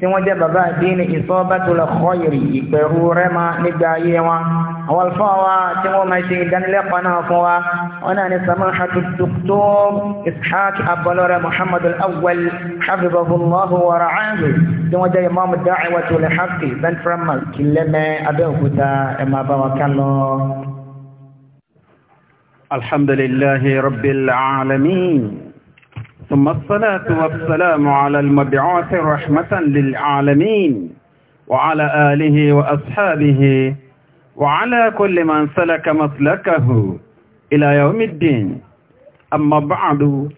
tí wọ́n jẹ́ bàbá àdínì ìsọ́bẹ́tòlẹ̀ kọ́yìrì ìpẹ̀rù rẹ́mà nígbà ayé wọn àwọn alfáà wa tí wọ́n máa ṣe ìdánilẹ́kọ̀ọ́ náà fún wa wọn náà ní samahatu dr ishaq abọlọrẹ muhammad al-awwal hafizahullahu wa ra'ahu tí wọ́n jẹ́ imam da'watul haqqi central mosque kìlẹ́mẹ́ abẹ́òkúta ẹ̀ máa bá wa kán lọ. alhamdulillahi rabbil alamin. ثم الصلاة والسلام على المبعوث رحمة للعالمين وعلى آله وأصحابه وعلى كل من سلك مسلكه إلى يوم الدين أما بعد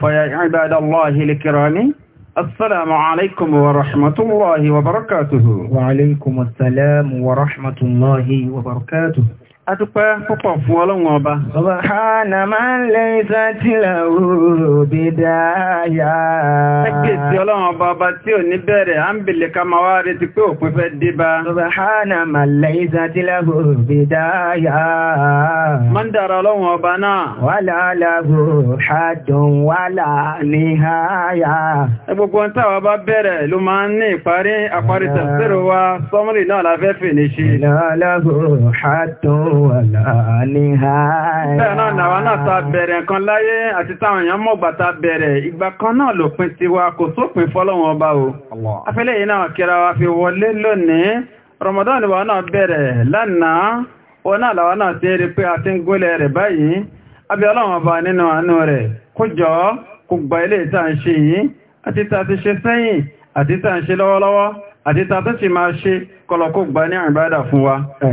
فيا عباد الله الكرام السلام عليكم ورحمة الله وبركاته وعليكم السلام ورحمة الله وبركاته Adúpẹ́ púpọ̀ fún ọlọ́run ọba. Ọba hànà máa ń lè ìsá tí làwòrò bí dáyà. Ẹgbẹ̀sí ọlọ́run ọba ọba tí ò ní bẹ̀rẹ̀, a ń bèlè ká máa wá retí pé òpin fẹ́ dé bá. Ọba hànà máa lè ìsá tí làwòrò bí dáyà. Má ọlọ́run ọba náà. Wà láàlágò hàdùn wà láàní háyà. Gbogbo ń táwa bá bẹ̀rẹ̀ ló máa ń ní ìparí àparí tẹ̀síro wa, náà la fẹ́ fèlè ṣe. Láàlágò hàdùn wàlá Bẹ́ẹ̀ náà nàwa náà ta bẹ̀rẹ̀ nǹkan láyé àti táwọn èèyàn mọ̀gbà ta bẹ̀rẹ̀ ìgbà kan náà lòpin tiwa kò sópin fọ́lọ́wọ́n ọba o. Afẹ́lẹ́ yìí náà kíra wa fi wọlé lónìí. Ramadan wa náà bẹ̀rẹ̀ kọlọ̀kọ́ gbá ní àìbádà fún wa a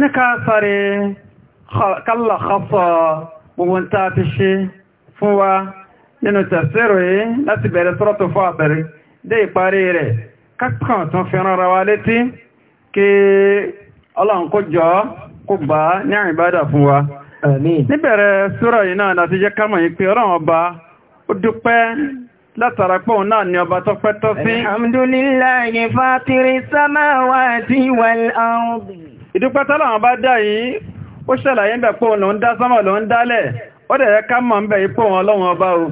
ní ká sáré kálà kásọ̀ gbogbo ń tàà ti ṣe fún wa nínú tẹ̀sẹ̀rọ yìí láti bẹ̀rẹ̀ sọ́rọ̀tọ̀ fún àbẹ̀rẹ̀ dé ìparí rẹ̀ kákan tán fi rán látara pọ̀ náà ni ọba tó pẹ́ tó sí. Alhamdulillahi fàtírí samawati wal ardi. ìdúpẹ́tọ́ láwọn bá dá yìí ó ṣẹlàyé bẹ̀ pọ̀ lòun dá sánmà lòun dálẹ̀ ó dẹ̀ yẹ mọ̀ ń bẹ̀ ipò wọn lọ́wọ́n ọba o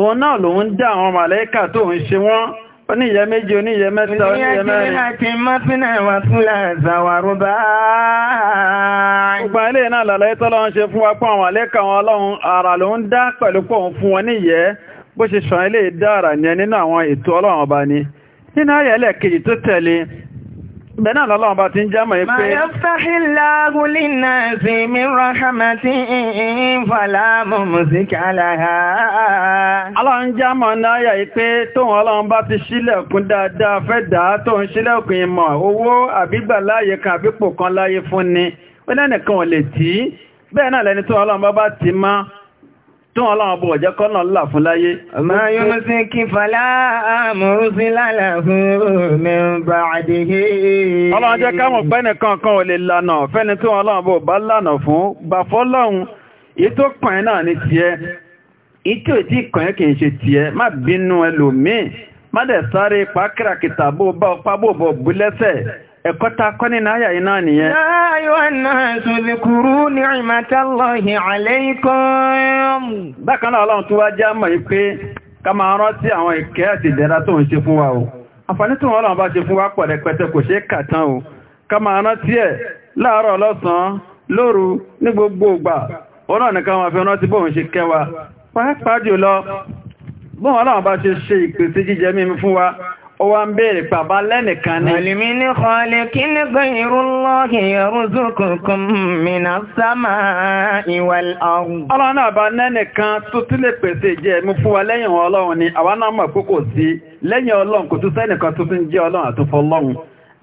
òun náà lòun dá àwọn màlẹ́kà tó ń ṣe wọ́n oníyẹ méjì oníyẹ mẹ́ta oníyẹ mẹ́rin. ìyá ti mọ́fínà wà fún làzàwàrúbá. gbogbo ilé náà lọ́lọ́ ìtọ́lọ́run ṣe fún wa pọ̀ àwọn àlẹ́kà wọn ọlọ́run àrà lòun dá pẹ̀lú pọ̀ fún wọn níyẹn bó ṣe ṣàn ilé dára ní nínú àwọn ètò ọlọ́run ọba ni nínú ayẹ̀lẹ̀ kejì tó tẹ̀lé bẹ̀nà lọ́lọ́run bá ti ń jámọ̀ pé ma yaftahilahu linnasi min rahmatin fala mumsika laha ọlọ́run jámọ̀ náà pé tóun ọlọ́run bá ti ṣílẹ̀kùn dáadáa fẹ́ dáa tóun ṣílẹ̀kùn ìmọ̀ owó àbígbà láàyè kan àbípò kan láyé fún ni ó lẹ́nìkan ò lè tí bẹ́ẹ̀ náà lẹ́ni tó ọlọ́run bá ti máa tí wọ́n láwọn bọ̀ jẹ́ kọ́nà ńlá fún láyé. ma yumsiki fala mursila lahu min ba'dihi. ọlọ́run jẹ́ káwọn pẹ́nì kankan ò lè lànà fẹ́ni tí wọ́n láwọn bọ̀ bá lànà fún gbà fọ́lọ́run èyí tó kàn ẹ́ náà ní tiẹ̀ èyí tí ò tí kàn ẹ́ kì í ṣe má bínú ẹlòmíì má dẹ̀ sáré pàákìràkìtà bó bá ọpá bó bọ̀ bú lẹ́sẹ̀ ẹ̀kọ́ ta kọ́ nínú àyà iná nìyẹn. Láàyò náà sùnlẹ̀ kúrú ní ìmọ̀tálọ́hì àlẹ́ikọ́m. Bákan náà ọlọ́run tó wá já mọ̀ pé ká máa rántí àwọn ìkẹ́ àti ìdẹ̀ra tó ń ṣe fún wa o. Àǹfààní tó wọn ọlọ́run bá ṣe fún wa pọ̀ rẹpẹtẹ kò ṣeé kà o. Ká máa rántí ẹ̀ láàárọ̀ lọ́sàn-án lóru ní gbogbo ìgbà. Ọlọ́run ó wá ń bèèrè bàbá lẹ́nìkan ní. Àlìmí ní kọlẹ̀ kí ní gbẹ̀yìnrú lọ́kì ẹrùzù kùnkùn mìíràn sámà ìwà ọ̀rùn. Ọlọ́run náà bá lẹ́nìkan tó tí lè pèsè jẹ́ mú fún wa lẹ́yìn ọlọ́run ni àwa náà mọ̀ pé sí lẹ́yìn ọlọ́run kò tún sẹ́nìkan tó tún jẹ́ ọlọ́run àtúfọ́ ọlọ́run.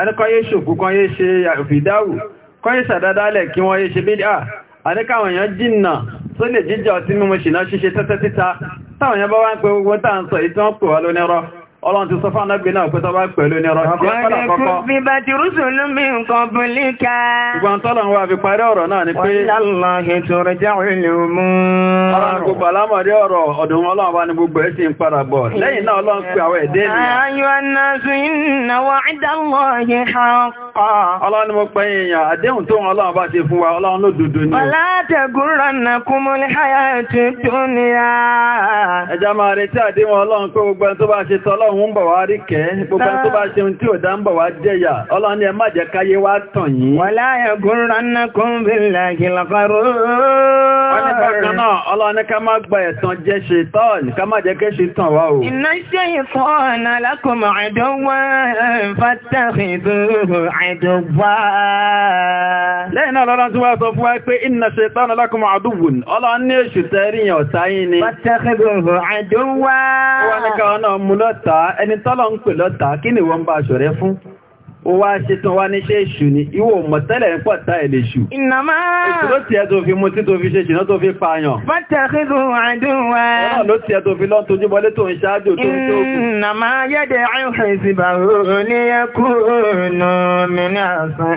àníkọ́yé ṣòkú kan yé ṣe àfìdáwù kọ́yé sàdádálẹ̀ kí wọ́n yé ṣe bí dáa àníkàwọn èèyàn jìnnà tó lè jíjọ tí mímọ̀ ṣìnà ṣíṣe tẹ́tẹ́ títa táwọn èèyàn bá wá ń pe gbogbo táà ń sọ ìtàn pè lónírọ́ ọlọ́run ti sọ fún anábì náà pé tọ́bá pẹ̀lú ní ọ̀rọ̀ tí ẹ̀kọ́lá kọ́kọ́. bí bá ti rúsù lómi nǹkan bùlí ká. ṣùgbọ́n tọ́lọ̀ ń wá fi parí ọ̀rọ̀ náà ni pé. wàláhì tó rẹ̀ já ìlú mú. ọlọ́run gbogbo ọ̀rọ̀ ọ̀dùn ọlọ́run bá ní gbogbo ẹ̀ sì ń padà bọ̀ lẹ́yìn Ọlọ́run ni mo pẹ́ èèyàn, àdéhùn tó wọn Ọlọ́run bá ṣe fún wa, Ọlọ́run ló dúdú ni. Ọlátẹ̀gúnrànàkúnmọ́ ní àyàtì dúnìyà. Ẹja máa retí àdéhùn Ọlọ́run pé gbogbo ẹni tó bá ṣe tọ́lọ́run ń bọ̀ wá rí kẹ́, gbogbo ẹni tó bá ṣe ohun tí ò dá ń bọ̀ wá jẹ́yà, Ọlọ́run ni ẹ má jẹ́ káyé wá tàn yín. Wọ́lá àdùwá. Lẹ́yìn náà lọ́lọ́n tí wá sọ fún wa pé inna ṣetán alákùnmọ̀ àdúwùn, ọlọ́n ní èṣù tẹ́rí yàn sáyí ni. Bàtẹ́kẹ̀bẹ̀rẹ̀ àdùwá. Wọ́n ní káwọn náà mú lọ́ta, ẹni ó wá ṣe tán wá níṣẹ́ èṣù ni ìwò mọ̀tẹ́lẹ̀ ń pọ̀ tá ẹ̀lẹ̀ ṣù. ìnàmá èṣù ló tiẹ̀ tó fi mú tí tó fi ṣe ṣìná tó fi pààyàn. fọ́tẹ̀kìdù àdúwà. ẹ̀rọ ló tiẹ̀ tó fi lọ́n tójú bọlé tó ń ṣáájú tó ń tó kù. ìnàmá yẹ́dẹ̀ àìhẹ̀sìbàrò ní ẹkùnù mi ní àṣà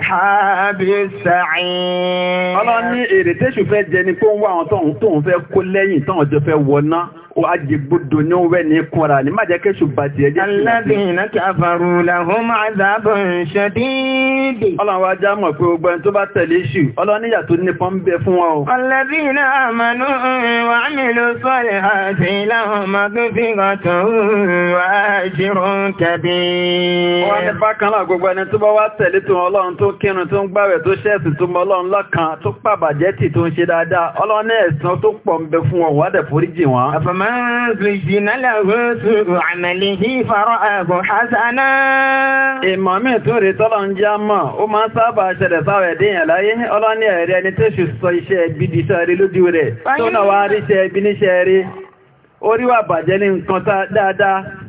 àbí sàáyìn. ọlọ́ni èrè tẹ́ṣù fẹ́ jẹ ni pé ó ń wá àwọn tóun fẹ́ kó lẹ́yìn táwọn jọ fẹ́ wọná ajibudu ní òwe ní kúnra ní má jẹ́ kéṣù bá ti ẹjẹ́ sí alladhina kafaru lahum azabun shadid ọlọ́run wa já mọ̀ pé ogbọ́n tó bá tẹ̀lé iṣu ọlọ́run níyà tó ní pọ́n bẹ fún wọn o alladhina amanu wa amilu salihati lahum maghfiratun wa ajrun kabir wọ́n ní bákan náà gbogbo ẹni tó bá wá tẹ̀lé tó ọlọ́run tó kírun tó ń gbàwẹ̀ tó ṣẹ̀sìn tó mọ ọlọ́run lọ́kàn tó pàbàjẹ́ tì tó ń ṣe dáadáa ọlọ́run ẹ̀sán tó pọ̀ ń زين له سوء عمله فرآه حسنا ìmọ̀ mi tún rí tọ́lọ ń já mọ̀ ó máa sábà ṣẹlẹ̀ sáwẹ̀ díyàn láyé ọlọ́ni ẹ̀rẹ́ ẹni tó ṣù sọ iṣẹ́ ẹbí di iṣẹ́ lójú rẹ̀ tó náà wá ríṣẹ́ ẹbí níṣẹ́ rí oríwà bàjẹ́ ní nǹkan dáadáa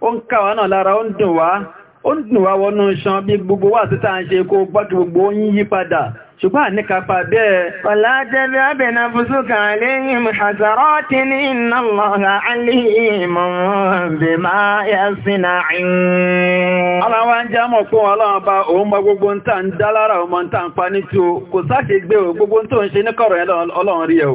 ó ń káwà náà lára ó ń dùn wá ó ń dùn wá wọnú ṣan bí gbogbo wà títà ń ṣe kó gbogbo yí padà ṣùgbọ́n àníkàpá bẹ́ẹ̀. ọ̀lá jẹ́bẹ́ àbẹ̀nà fúsùkà lẹ́yìn mùsàtàrọ́ ti ní iná lọ́ha alìmọ̀ bí máa yá sínà ìrìn.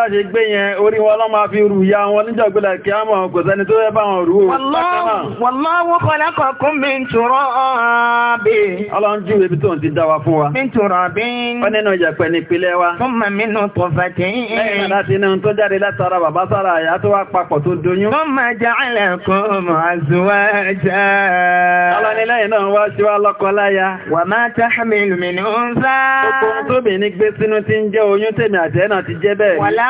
dáṣe gbé yẹn orí wọn lọ́ máa fi rù ya wọn níjọ́ gbílẹ̀ kí á mọ̀ kò sẹ́ni tó rẹ́ bá wọn rú Wallahu khalaqakum min turabin. Ọlọ́run jú ibi tó ń ti dá wa fún wa. Min turabin. ní wa. Thumma min nutfatin. Lẹ́yìn láti inú tó jáde látara bàbá sára àyà tó wá gbé sínú ti ń jẹ́ oyún tèmi àtẹ́ náà ti jẹ́ bẹ́ẹ̀. Wàlá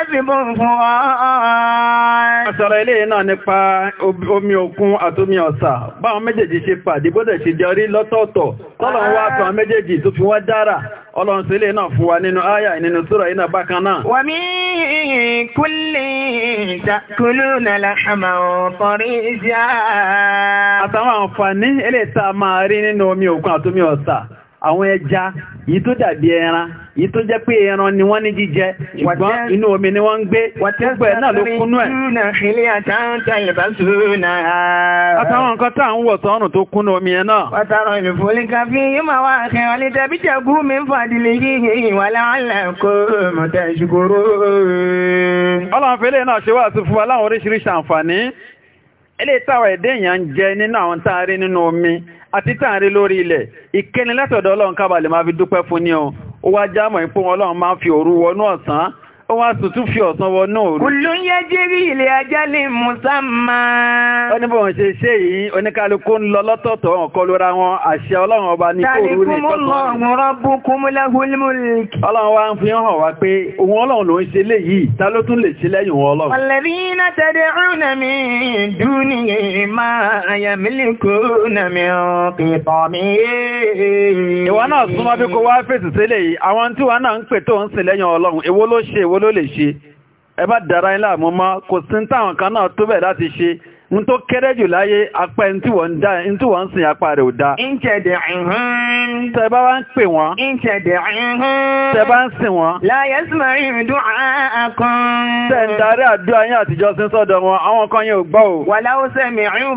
àásìbò fún wa. a sọ̀rọ̀ ilé náà nípa omi òkun àtomi ọ̀sà báwọn méjèèjì ṣe pàdé bódẹ̀ ṣe jẹ orí lọ́tọ̀ọ̀tọ̀ tọ́lọ̀ wá sọ méjèèjì tó fi wọ́n dára ọlọ́run sí ilé náà fún wa nínú áyà nínú súrà iná bákan náà. wa min kulli yìí tó dàbí ẹran yìí tó jẹ́ pé ẹran ni wọ́n ní jíjẹ ṣùgbọ́n inú omi ni wọ́n ń gbé gbogbo náà ló kúnú ẹ̀. àtàwọn nǹkan tá à ń wọ̀ sọ́run tó kúnú omi ẹ̀ náà. wàtàrọ̀ ìlúfòlì káfí yóò máa wá àkẹ́ wọn létẹ́ bí jẹ́gú mi ń fàdílé yìí wà láàlẹ̀ kó mọ̀tẹ́ ìṣòro. ọlọ́run fẹ́lẹ́ náà ṣe wá sí fún wa láwọn oríṣiríṣi àǹfààní eléyìí táwọn ẹ̀dẹ́ àti tààrí lórí ilẹ̀ ìkẹni látọ̀dọ̀ ọlọ́run kábàlẹ̀ máa fi dúpẹ́ fún ní ọ ó wá jámọ̀ ìpó ọlọ́run máa ń fi òru wọnú ọ̀sán ó wá tuntun fi ọ̀sán wọ náà rú. Kùlú yẹ jírí ilẹ̀ ajálẹ̀ Mùsàmá. Ó ní bọ̀wọ̀n ṣe ṣe yìí, oníkálukú ń lọ lọ́tọ̀ọ̀tọ̀ ọ̀kọ́ lóra wọn, àṣẹ ọlọ́run ọba ní kò ní ìtọ́sán. Ọlọ́run wá ń fi Ìwọ náà súnmọ́ bí kò wá fèsì sílẹ̀ yìí, àwọn tí wọn náà ń pè tó ń sìn lẹ́yìn ọlọ́run, èwo ló ṣe èwo ló lè ṣe ẹ bá dára yín láàmú mọ́ kò sí táwọn kan náà tó bẹ̀ láti ṣe n tó kéré jù láyé apá ẹni tí wọ́n ń sin apá rẹ̀ ò dáa. ìjẹ̀dẹ̀ ìhún. tẹ bá wá ń pè wọ́n. ìjẹ̀dẹ̀ ìhún. tẹ bá ń sìn wọ́n. láyé sùmọ̀rì ìdún àákan. tẹ ń darí àdúrà yín àtijọ́ sí sọ́dọ̀ wọn àwọn kan yẹn ò gbọ́ o. wàláwọ́sẹ̀ mi ìhún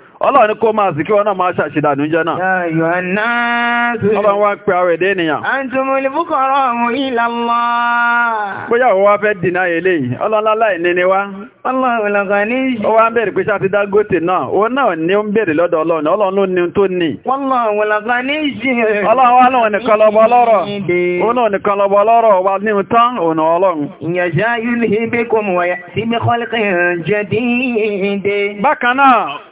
ọlọ́run ní kó máa sì kí wọn náà máa ṣàṣìdànù jẹ́ náà. ọlọ́run wá ń pe ara ẹ̀dẹ́ ènìyàn. antumul fuqara ila Allah. bóyá òun wá fẹ́ dìnnà eléyìí ọlọ́run láì ní ni wá. Allahul ghani. ó wá ń bèrè pé ṣáà ti dá gòtè náà òun náà ní ń bèrè lọ́dọ̀ ọlọ́run ọlọ́run ló ní tó ní. Allahul ghani. ọlọ́run wá náà nìkan lọ́bọ lọ́rọ̀ òun náà nìkan lọ́bọ lọ́rọ̀ wà ní tán òun ọlọ́run. yasha yulhibikum wa ya'ti bi khalqin jadid. bákan náà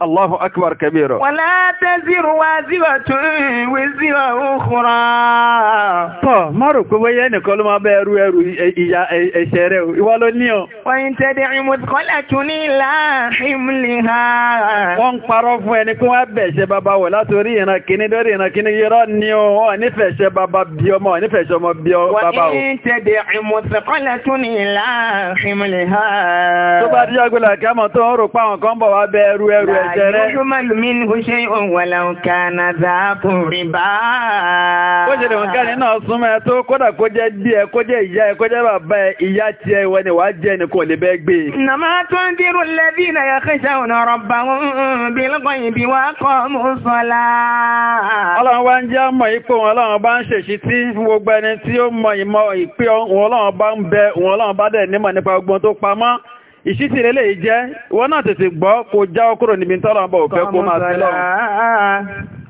Allahu akbar kabira. Wala taziru waziratun wizira ukhra. Tọ́, má rò pé bóyá ẹnìkan ló máa bẹ́ ẹrú ẹrú ìyá ẹ̀ṣẹ̀ rẹ̀ ìwà ló ní ọ. Wọ́n ń tẹ́dẹ̀ ìmùtìkọ́lẹ̀ tún ní láàrínlẹ̀ha. Wọ́n ń parọ́ fún ẹni kí wọ́n bẹ̀ ṣe ẹ̀jẹ̀ rẹ̀. Yúmọ̀lù mi ní kò ṣe òwòlà òkà nàdà kùnrin bá. Kó ṣe lè wọ̀nká nínú ọ̀sùn mẹ́ tó kódà kó jẹ́ bí ẹ, kó jẹ́ ìyá ẹ, kó jẹ́ bàbá ẹ, ìyá ti ẹ wọ ni wàá jẹ́ ẹnì kò lè bẹ́ gbé. Nàmá tó ń dirú lẹ́bí náà yà kẹ́sà ọ̀nà rọ̀bà bí lọ́kọ̀yìn bí wàá kọ́ mú sọ́lá. Ọlọ́run wá ń jẹ́ mọ̀ ipò wọn ọlọ́run bá ń ṣèṣí tí gbogbo ẹni tí ó mọ ìmọ̀ ìpé wọn ọlọ́run bá ń bẹ wọn ọlọ́run bá dẹ̀ nímọ̀ nípa ọgbọ́n tó pamọ́ ìṣítì rẹ̀ lè jẹ́ wọ́n náà tètè gbọ́ kó jáwọ́ kúrò níbi tọ́rọ̀ àbọ̀ òfẹ́ kó máa sílọ́run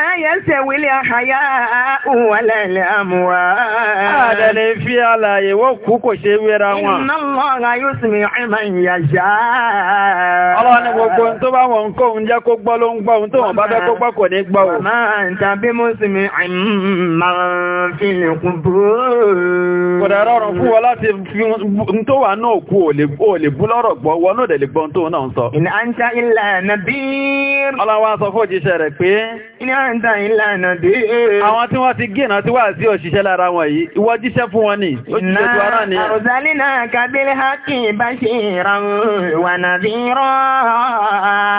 ma yastawi al-haya'u wala al-amwat. Àdẹ̀lẹ̀ fi ye wọ́n kú kò ṣe wéra wọn. Inna Allaha yusmi'u man yasha. Ọlọ́run ní gbogbo tó bá wọn kó ń jẹ́ kó gbọ́ ló ń gbọ́ ohun tó wọ́n bá fẹ́ kó gbọ́ kò ní gbọ́ o. Màmá fi lẹ̀kùn bò. Kò dẹ̀ rọrùn fún wọn láti fi ń tó wà náà kú ò lè bú lọ́rọ̀ gbọ́ ní àǹdà ìlànà dé àwọn tí wọ́n ti gìnà tí wà sí òṣìṣẹ́ lára wọn yìí ìwọ jíṣẹ́ fún wọn ni òṣìṣẹ́ tó ara ni àrùzálínà kàbílẹ̀ hákì bá ṣe ìran wà nàbí rán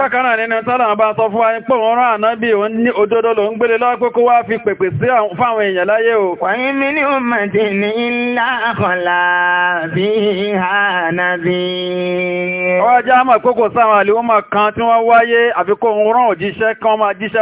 pẹ́kànnà nínú tọ́lọ̀ bá sọ fún wa pé wọ́n rán ànábì ní òdodo ló ń gbélé lọ́pẹ́ wá fi pèpè sí fáwọn èèyàn láyé o wọ́n mi ní ọmọdé ní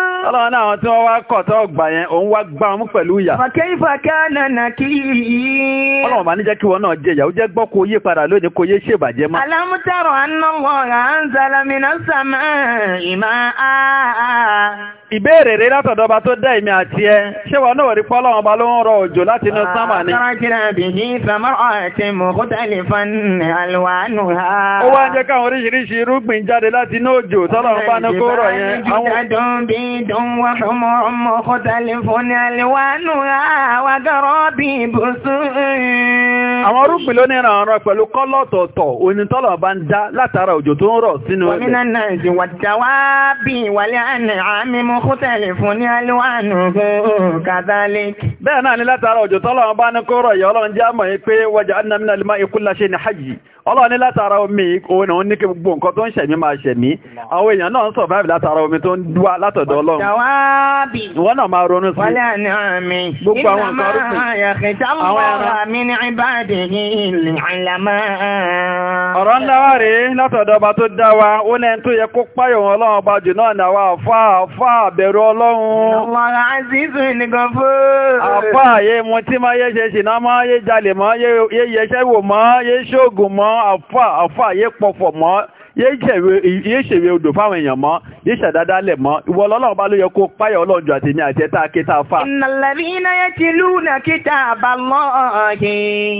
Ọlọ́run náà tí wọ́n wá kọ̀ tọ́ gbà yẹn, òun wá gbá ọmú pẹ̀lú ìyà. Fàkẹ́fàkẹ́ nànà kí yìí. Ọlọ́run bá ní jẹ́ kí wọ́n náà jẹ ìyà, jẹ́ gbọ́ kó yé padà lónìí kó yé ṣèbàjẹ́ mọ́. Alámútàrọ̀ annáwọ̀ rà ń zalamínà sàmà ìmá àà ìbéèrè rẹ̀ látọ̀dọba tó dá ìmì àti ẹ ṣé wọ́n náà rí pọ́lọ́ ọba ló ń rọ òjò láti inú sánmà ní. ó wá ń jẹ́ káwọn oríṣiríṣi irúgbìn jáde láti inú òjò tọ́lọ̀ ń bá ní kó rọ̀ yẹn. àwọn irúgbìn ló ní ìrànràn pẹ̀lú kọ́lọ̀ tọ̀tọ̀ òní tọ́lọ̀ bá ń dá látara òjò tó ń rọ̀ sínú ẹ̀ mọ́kútẹ̀lẹ̀ fún ní alúwànù kàtàlík. bẹ́ẹ̀ náà ni látara òjò tọ́lọ́run bá ní kó rọ̀ yẹ ọlọ́run jẹ́ àmọ̀ pé wọ́jà annamina lima ikulla ṣe ni hajji ọlọ́run látara omi òun náà ní gbogbo nǹkan tó ń ṣẹ̀mí máa ṣẹ̀mí àwọn èèyàn náà ń survive látara omi tó ń dúwà látọ̀dọ̀ ọlọ́run wọ́n náà máa ronú sí gbogbo àwọn nǹkan rúfin àwọn ẹran ọ̀rọ̀ ńlá wà rèé látọ̀dọ̀ ọba tó dá wa ó lẹ́ni tó yẹ kó páyọ̀ ọlọ́run ọba jù náà náà wà fáà bẹ̀rù ọlọ́run. Àwọn àzízù nìkan fún. Àpá àyè mu tí máa yé ṣe ṣìná máa yé jalè mọ́, yé yẹṣẹ́ wò mọ́, ṣóògùn mọ́, àfà àfà yé pọ̀fọ̀ mọ́. ye ṣèwé odò fáwọn èèyàn mọ́ yé ṣàdádá lẹ̀ mọ́ ìwọ ọlọ́run bá ló yẹ kó páyà ọlọ́run jù àtẹ̀mí àti ẹ̀ta kíta fà. ìnàlẹ́bínà yẹn ti lù nà kíta àbámọ́ọ̀kì.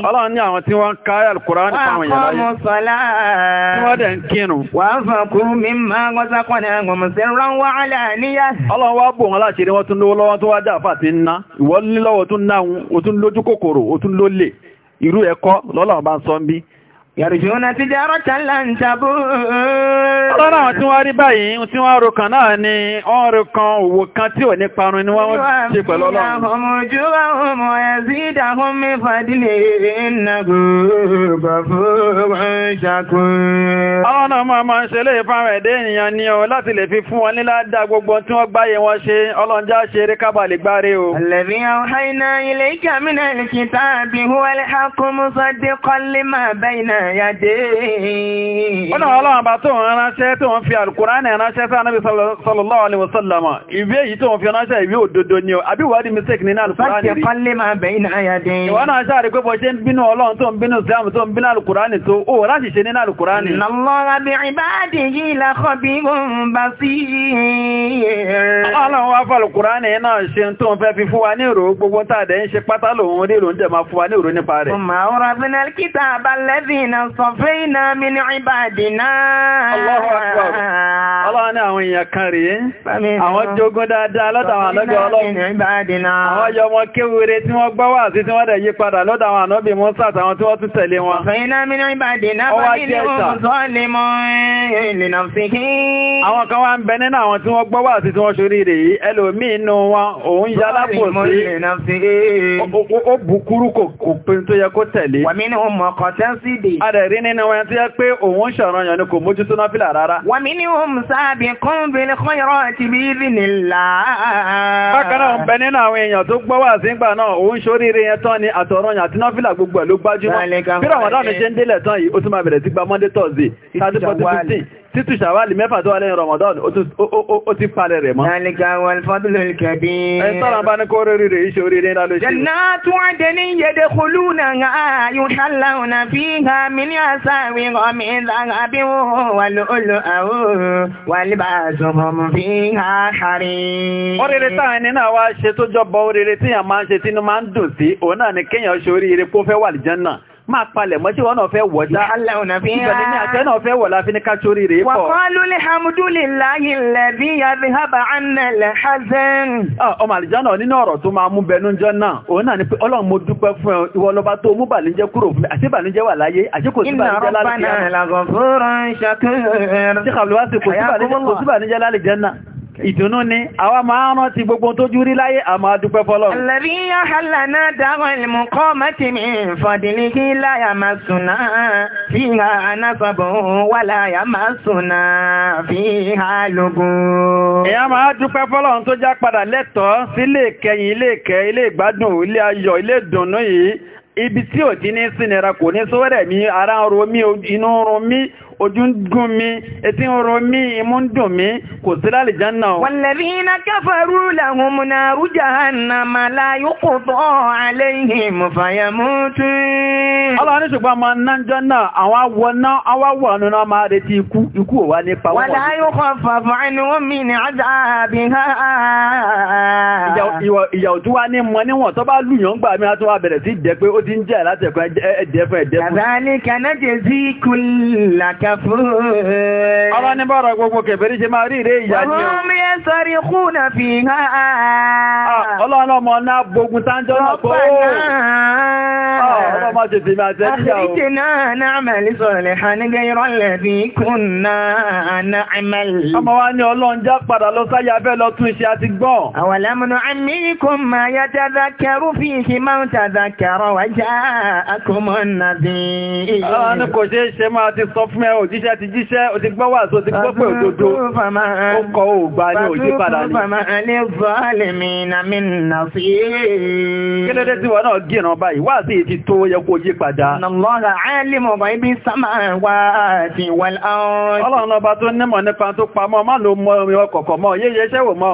ọlọ́run ní àwọn tí wọ́n ń ka alukurani fáwọn èèyàn láyé. wà á kọ́ mu tí mi máa gbọ́sá kọ́ni àgbọ̀mọ̀sẹ̀ rán wá bò wọn Yàrùjúnà ti jẹ́ ọ̀rọ̀ta láǹtàbú. Ọlọ́nà àwọn tí wọ́n rí báyìí, tí wọ́n rò kan náà ni wọ́n kan òwò kan tí ò ní parun ni wọ́n ṣe pẹ̀lú Ọlọ́run. Ọlọ́nà máa máa ń ṣe lè ènìyàn ni ọ láti lè fi fún wọn nílá dá gbogbo tí wọ́n gbáyé wọn ṣe ọlọ́njá ṣe rí kábà gbáre o. Àlẹ́bí àwọn haina ilé ìkàmínà ìkìtà àbí huwa al-haqqu musaddiqan lima bayna yàdé. ọ̀nà ọlọ́run bá tó ránṣẹ́ tó ń fi alukùránì ránṣẹ́ sáà náà bí sallallahu alaihi wasallam ìwé yìí tó ń fi ránṣẹ́ ìwé òdodo ni o àbí wàá di mistake nínú alukùránì rí. kọ́lé máa bẹ̀yìn náà yàdé. ìwọ náà ṣáà rí pé bó ṣe ń bínú ọlọ́run tó ń bínú islam tó ń basir. ọlọ́run wá fọlùkùránì náà ṣe fi fún wa ní ìrò gbogbo tá a dẹ̀ ń ṣe pátá lòun rí lòun dẹ̀ alladhina safayna min ibadina. Ọlọ́run àwọn èèyàn kan rèé, àwọn jogun dáadáa lọ́dàwọn ànọ́bì Ọlọ́run. Àwọn yọ ọmọ tí wọ́n tí wọ́n dẹ̀ yí padà lọ́dàwọn àtàwọn tí wọ́n tún tẹ̀lé wọn. Àwọn kan wá ń bẹ nínú àwọn tí wọ́n tí wọ́n ẹlòmíì wọn, òun ó bukúrú kò pin tó yẹ kó tẹ̀lé. Wàmínú adẹ̀rí nínú wọn tí yẹ pé òun ṣọ̀ranyàn ni kò mójú tó náfìlà rárá. wa minhum sabiqun bil khayrati bi idhnillah. bákan náà ń bẹ nínú àwọn èèyàn tó gbọ́ wà sí ìgbà náà òun ṣoríire yẹn tán ni àtọ̀ranyàn àti náfìlà gbogbo ẹ̀ ló gbájúmọ́ bí rọ̀mọ́dá mi ṣe ń délẹ̀ tán yìí ó tún máa bẹ̀rẹ̀ sí gba Monday Thursday thirty forty fifteen títù ṣàwálì mẹ́fà tó wà lẹ́yìn Ramadan ó ti palẹ̀ rẹ̀ mọ́. Àlìkà wal fadlul kabir. Ẹ sọ́ra bá ní kó rírí rẹ̀ iṣẹ́ orí nínú lóṣù. Jannatu adnin yadkhulunaha yusallawna fiha min asawira wa lu'lu'an wa libasuhum fiha harir. Oríire táwọn ẹni náà wá ṣe tó jọ bọ oríire tíyàn máa ń ṣe tínú máa ń dùn sí, òun náà ni kéèyàn máa palẹ̀ mọ́ tí wọ́n náà fẹ́ wọ̀ já ìbẹ̀lẹ̀ ní àtẹ́ náà fẹ́ wọ̀ láfi ní kátórí rẹ̀ pọ̀. wàkọ́lù hazen. ọmọ àlìjá náà nínú ọ̀rọ̀ tó máa mú bẹnu jọ náà ni pé ọlọ́run mo dúpẹ́ fún ẹ ìwọ lọba tó mú bàlújẹ́ kúrò fún mi àti bàlújẹ́ wà láyé àti kò ìdùnnú ni àwa máa ń rántí gbogbo tó jú rí láyé àmà dúpẹ́ fọ́lọ́. lẹ́rí àhàlà náà dáwọ̀ ìmùkọ́ mọ́tí láyà máa sùnà fi ha wà láyà máa sùnà fi ha lógo. máa dúpẹ́ fọ́lọ́ tó já padà lẹ́tọ̀ọ́ sí ilé ilé ìkẹ́ ilé ìgbádùn ilé ayọ̀ ilé ìdùnnú yìí ibi tí ò ti ní sínira kò ní sówẹ́rẹ̀ mi ara ń ro inú ń ro ojú ń gún mi etí ń ro mí imú ń dùn mí kò sí lálẹ́ jẹ́nà o. walladhina kafaru lahum naru jahannama la yuqda alayhim fayamutu. ọlọ́run ní ṣùgbọ́n ọmọ nájọ́ náà àwọn awọ náà àwọn awọ ọ̀nà náà máa retí ikú ikú ò wá nípa wọn. wala yukhaffafu anhum min adhabiha. ìyà òtú wa ní mọ níwọ̀n tó bá lùyàn gbà mí láti wá bẹ̀rẹ̀ sí ìdẹ́ pé ó ti ń jẹ́ láti ẹ̀kọ́ ẹ̀dẹ́fún يكفرون ọba ní bọ́rọ̀ gbogbo kèfèrí ṣe máa rí ìrẹ́ ìyà ní ọmọ ọmọ yẹn sọ́rí kúnà fi hàn ọlọ́run ọmọ náà gbogun tánjọ́ náà kó ah, ọlọ́mọ ṣe fi máa tẹ́lẹ̀ ìjẹ́ náà náà mẹ́lì sọ̀rẹ̀ hànígẹ́ ìrọ̀lẹ̀ fi kúnà náà ọmọ wa ní kẹrù fi ṣe máa ń tàdà kẹrọ wájá akọmọ nàbí ọlọ́run kò ṣeé ṣe máa ti sọ fún ẹ òjíṣẹ́ ti jíṣẹ́ o ti gbọ́ wà tó ti gbọ́ pé òdodo ó kọ ògbà ní òjí padà ní. kílódé tí wọ́n náà gíràn báyìí wà sí ti tó yẹ kó yí padà. ọlọ́run ọba tó nímọ̀ nípa tó pamọ́ má ló mọ ọkọ̀ọ̀kọ̀ mọ́ yé yẹ wò mọ́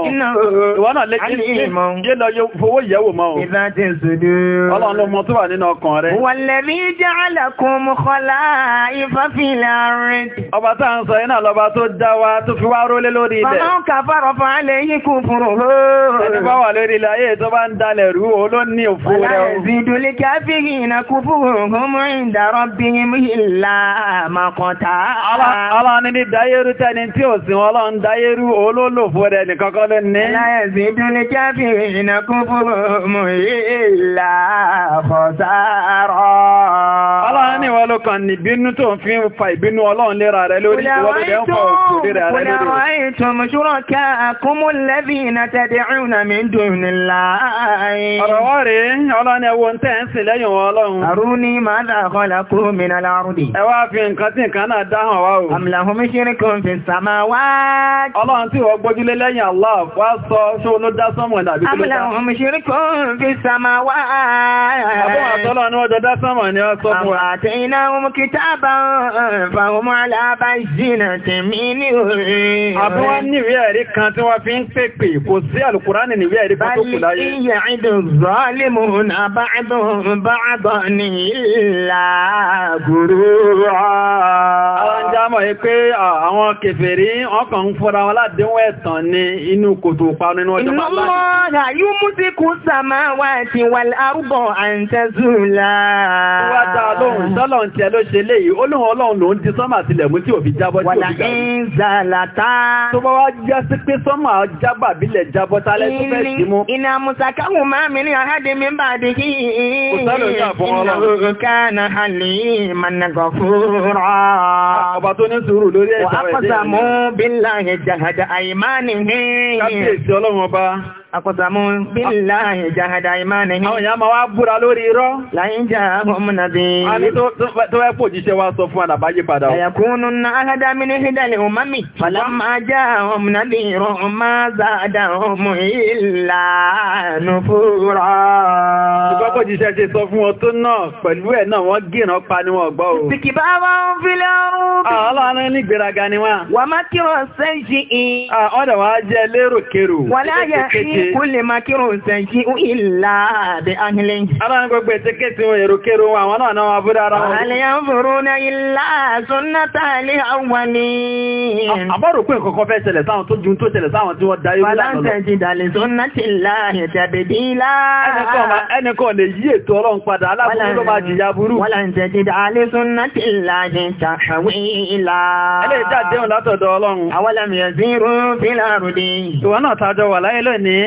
ìwọ́n náà lé yé lọ mọ́ tó wà nínú ọkàn rẹ̀. wọ̀lẹ̀ mi jẹ́ àlàkùn mọ́kànlá ìfọ́fìlà ọba tá ń sọ iná lọba tó dá wa tó fi wá rólé lórí ilẹ̀ ọ̀nà kàfàrọ̀ fún alẹ́ yìí kún fúrò hó ẹni bá wà lórí ilẹ̀ ayé tó bá ń dalẹ̀ rú olóní òfú rẹ̀ o ìdúlé káfíhì iná kú fúrò hó mú ìdárọ̀ bí ìlà àmàkọta ọlọ́ni ní dáyérú tẹni tí ò sí wọn lọ́n dáyérú olólòfó rẹ̀ nìkankan lónìí ìdúlé káfíhì iná kú fúrò mú ìlà àkọta rọ̀ ọlọ́ni wọ́n ló kàn ní ìbínú tó ń fi fa ìbínú bínú ọlọ́run lera rẹ lórí ìwọ́lódẹ́ ọ̀pọ̀ òkúrí rẹ rẹ lórí. Kùnà ìtùm ṣúrọ̀kẹ́ àkúmúlẹ́bí iná tẹ́dẹ̀ ìrìnà mi dùn nílá. Ọ̀rọ̀ wọ́n rí ọlọ́run ẹwọ́ tẹ́ ń sì lẹ́yìn ọlọ́run. Àrúni máa dàkọ́ lákú mi náà lárúdì. Ẹ wá fi nǹkan tí nǹkan náà dáhàn wá o. Àmìlàhùn mi ṣe ní kò ń fi sàmà wá. Ọlọ́run tí wọ́n gbójúlé lẹ́yìn Allah wá sọ ṣó ló dá sọ́mọ̀ ní àbíkú ló dá. Àmìlàhùn mi ṣe ní kò ń fi sàmà wá. Àbúrò àtọ́lọ́ ni wọ́n jọ dá sọ́mọ̀ ni wọ́n sọ fún wa. Àwọn àtẹ̀yìn náà mú kìtàbà ọmọ aláàbá ìsìnà tẹ̀mí ní orí. Àbí wọ́n níwé ẹ̀rí kan tí wọ́n fi ń pèpè kò sí àlùkùránì níwé ẹ̀rí kan tó kù láyé. Bálí ìyẹ̀ ìdùn zọ́ọ́límù náà bá ẹ̀dùn bá àgọ́ ní ìlà gùrúrọ̀. Àwọn jámọ̀ yìí pé àwọn kèfèrí ọkàn ń ti sọ́mà tilẹ̀ mú tí òfin jábọ́ tí òfin jábọ́. wàlà ń zàlàtà. tó bá wá já sí pé sọ́mà jábà bílẹ̀ jábọ́ tálẹ́ tó fẹ́ sí mú. ìnà musaka wù máa mi ní àhádé mi bá di kí. kò ní àbọ̀ wọn lọ. ìnáwó kánà hàlì mànàgọ̀ fúnra. ọba tó ní sùúrù lórí ẹ̀ṣẹ̀ rẹ̀ dé. wà á kọ́sàmú bí akọ̀sàmú bíláàhì jahada ìmáni ní àwọn ìyàmà wá búra lórí irọ́ láyín jà ọmọdé bí i tó ẹ́pò jíṣẹ́ wá sọ fún àdàbáyé padà ẹ̀yàkúnnù na náà pẹ̀lú ẹ̀ ni wọ́n gbọ́ o bìkì bá wọn fi lọ́rùn bí ọlọ́run ní gbéraga ni wọ́n wà kí ah, wọ́n sẹ́yìn ọ̀dọ̀ wọn jẹ́ lérò kérò wọ́n láyẹ̀ kú lè máa kírùn sẹ́yí ìlà àbẹ́ ahìlẹ̀. Ara ń gbogbo ètò kéèsì ohun èrò kérò àwọn náà náà wà búrú ara wọn. Àlẹ́ yà ń fòrò na ìlà sunnata lè àwọn ni. Àbọ̀rò pé nǹkan kan fẹ́ ṣẹlẹ̀ sáwọn tó ju tó ṣẹlẹ̀ sáwọn tí wọ́n darí wúlà lọ. Fàlàǹtẹ̀ náà tajọ wà láyé lónìí.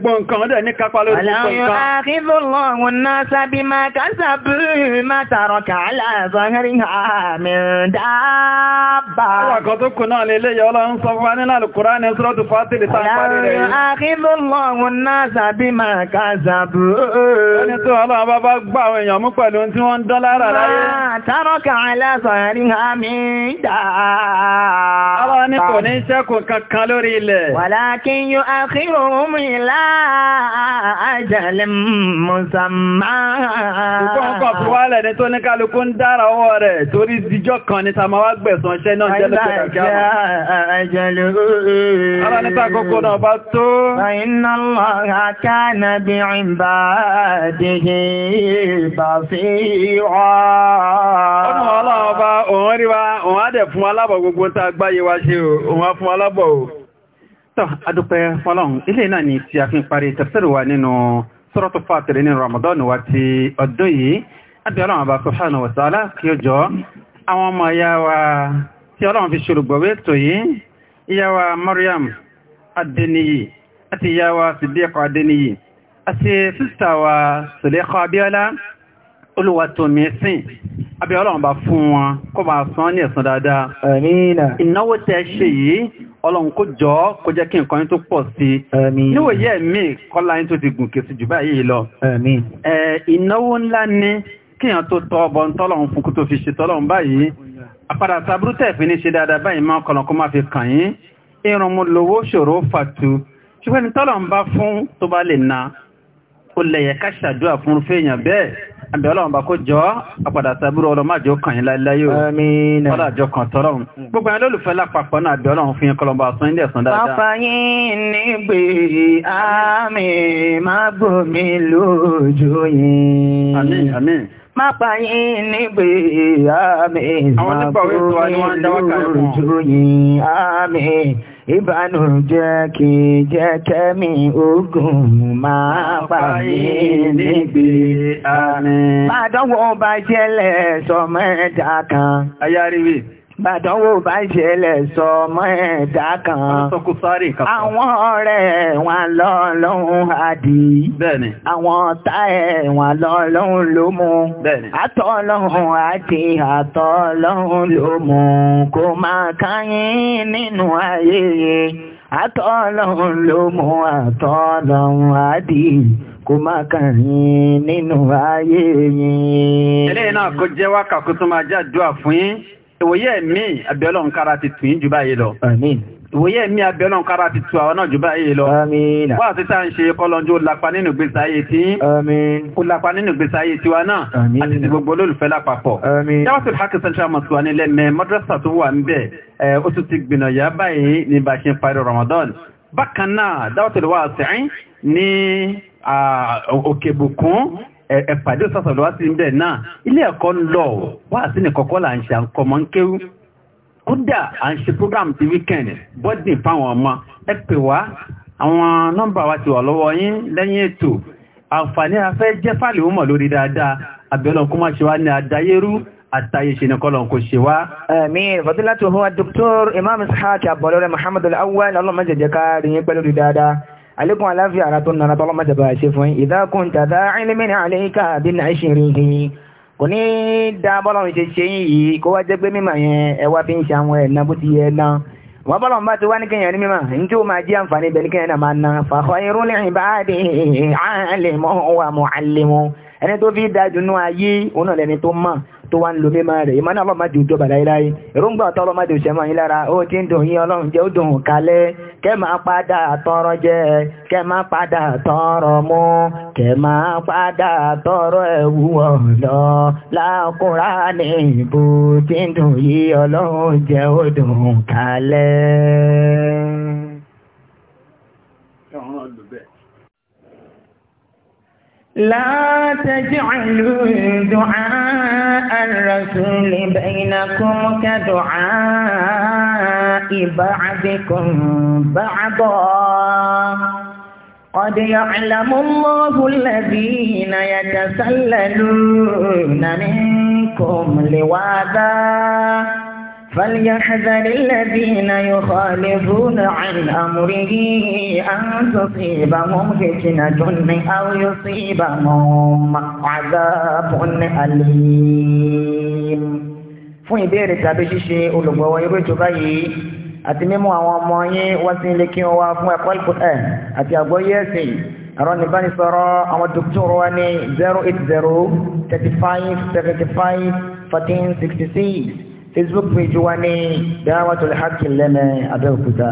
gbogbo nǹkan ọdẹ̀ ní kápá lórí gbogbo nǹkan. Àlàyé àkíbò lọ́wọ́n náà sábí máa kásábù máa tààrọ kààlà Àwọn àkọ́ lọ́wọ́n náà sábí máa kásábù. Máa tààrọ kààlà sọ́hírí àmì dáàbà kò ní ṣẹ́kù kankan lórí ilẹ̀. walakin yu'akhiruhum ila ajalin musamma. Ìkọ́ ń kọ̀ fi wálẹ̀ ní tó ní kálukú ń dára ọwọ́ rẹ̀ torí díjọ́ kan ní tàmà wá ṣẹ́ náà jẹ́ lókè kana bi'ibadihi basira. Ọ̀nà ọlọ́ọ̀bá òun rí wa, òun á dẹ̀ fún alábọ̀ gbogbo tá wa ṣe o òun a fún alábọ̀ o. tọ́ adúpẹ́ fọlọ́run ilé náà ni tí a fi ń parí tafsir wa nínú suratu Fatir nínú Ramadan wa ti ọdún yìí àbí ọlọ́run àbá subhanahu wa ta'ala kí ó jọ àwọn ọmọ ìyá wa tí ọlọ́run fi ṣòrògbọ̀wé ètò yìí ìyá wa Maryam Adeniyi àti ìyá wa Sidiqa Adeniyi àti sísà wa Sulekha Abiola olúwa tó mi sìn àbí ọlọ́run bá fún wọn kó bá san ní ẹ̀san dáadáa ìnáwó tẹ́ ṣe yìí ọlọ́run kó jọ kó jẹ́ kí nǹkan yín tó pọ̀ sí i níwòye ẹ̀mí kọ́lá yín tó ti gùn kèsì jù báyìí lọ ìnáwó ńlá ni kíyàn tó tọ́ ọbọ̀ ń tọ́lọ́run fún kó tó fi ṣe tọ́lọ́run báyìí àpàdà sàbúrú tẹ̀fín ní ṣe dáadáa báyìí máa kọ̀nà kó má fi kàn yín irun mu lówó ṣòro fàtú ṣùgbọ́n ní tọ́lọ́run bá fún tó bá lè na ó lẹ̀yẹ ká ṣàdúrà fún irúfẹ́ èèyàn bẹ́ẹ̀ àbẹ̀ọ́lọ́wọ̀n bá kó jọ àpàdà sàbúrò ọlọ́májọ́ kan yìí láíláyò ọlọ́jọ́ kan tọ́rọ mm. gbogbo ẹ̀lọ́ olùfẹ́ lápapọ̀ náà àbẹ̀ọ́lọ́wọ̀n fún yín kọlọmbà sún ilẹ̀ sùn dáadáa. ọ̀pá yín nígbè àmì má gbòmí lójú yín. àmín àmín. má pa àmì má gbòmí lójú yín ìbànújẹ́ kì í jẹ́ kẹ́mi ogun máa bà mí nígbè àmín. Bàdánwò bá jẹ́lẹ̀ sọmọ ẹ̀dá kan. Ayáríwì bàdánwò bá ṣẹlẹ̀ sọ ọmọ ẹ̀dá kan àwọn ọ̀rẹ́ wọn lọ́lọ́hún àdì àwọn ọ̀tá ẹ̀ wọn lọ́lọ́hún ló mú àtọ́lọ́hún àti àtọ́lọ́hún ló mú kó máa káyín nínú ayé àtọ́lọ́hún ló mú àtọ́lọ́hún àdì kò máa kàn yín nínú ayé yín. eléyìí náà kò jẹ́ wákàkó tó máa jáde àfún yín ìwòye mi abẹ́lọ́ nkara ti tún yín jù báyìí lọ. ìwòye mi abẹ́lọ́ nkara ti tún àwọn náà jù báyìí lọ. wọ́n àti tá à ń ṣe kọ́lọ́njú lápá nínú ìgbésí ayé tí kó lápá nínú ìgbésí ayé tiwa náà àti ti gbogbo olólùfẹ́ lápapọ̀. yàtọ̀ hàkì central mosque wà nílẹ̀ mẹ́ madrasa tó wà ń bẹ̀ ó tún ti gbìnàyà báyìí ní bá a ṣe ń parí Ramadan. bákan náà dáwọ́tò lè wá àtẹ̀yìn ní òkè bùkún ẹ̀pàdé sọ̀sọ̀lọ́ wá sí ń bẹ̀ náà ilé ẹ̀kọ́ ń lọ wá sí ní kọ́kọ́ là ń ṣe àkọmọ́ ń kéwú kódà à ń ṣe program ti weekend bọ́dì fáwọn ọmọ ẹ pè wá àwọn nọ́mbà wa ti wà lọ́wọ́ yín lẹ́yìn ètò àǹfààní afẹ́ jẹ́ fàlẹ́ òmọ̀ lórí dáadáa àbẹ̀lọ́ kó má ṣe wá ní àdáyérú àtàyè ṣe ní kọ́lọ̀ kò ṣe wá. Àmín fadilatu huwa Dr. Imam Ishaq Abọ́lọ́rẹ́ Muhammadu Awwal ọlọ́mọ jẹjẹ ká rí yín pẹ̀lú rí dáadáa àlékún aláfíà ara tó nana tọ́lọ́mọ́ tẹ̀bà ṣe fún ìdákun tàdá ìlímìnà àlékà bí náà ṣe rí rí kò ní dá bọ́lọ́run ṣe ṣe yìí kó wá jẹ́ pé mímọ̀ yẹn ẹwà fi ń ṣe àwọn ẹ̀nà bó ti yẹ náà wọ́n bọ́lọ́run bá ti wá ní kéèyàn ní mímọ̀ ní tí ó máa jí àǹfààní ibẹ̀ ní kéèyàn náà máa ná fàkọ́ irú ní ìbáàdì àlèmọ́ wà mọ́ fi dájú nú ayé òun náà lẹni tó mọ̀ tó wá ń lo mímọ́ rẹ̀ ìmọ̀ náà ọlọ́mọdé ò jọba láíláí èròǹgbà ọ̀tọ́ ọlọ́mọdé òṣèmọ̀ yìí lára ó ti ń dùn yín ọlọ́run jẹ́ ó dùn kalẹ̀ kẹ́ máa padà tọrọ jẹ kẹ́ máa padà tọrọ mú kẹ́ máa padà tọrọ ẹ̀wù ọ̀dọ́ lákùnrà ní ìbò tí ń dùn yín ọlọ́run jẹ́ ó dùn kalẹ̀. لا تجعلوا دعاء الرسول بينكم كدعاء بعضكم بعضا قد يعلم الله الذين يتسللون منكم لواذا فليحذر الذين يخالفون عن أمره أن تصيبهم فتنة أو يصيبهم عذاب أليم fún ìbéèrè tàbí ṣíṣe olùgbọ̀wọ́ irú ètò báyìí àti mímú àwọn ọmọ yín wá sí ilé kí wọ́n wá fún ẹ̀kọ́ ìpò ẹ̀ àti àgbọ́yé ẹ̀sìn ẹ̀rọ nìbánisọ̀rọ̀ àwọn dókítọ̀rọ̀ wa ní 080 35 75 14 66 facebook page wa ní dáwàtò lẹ́hàkì lẹ́mẹ̀ abẹ́òkúta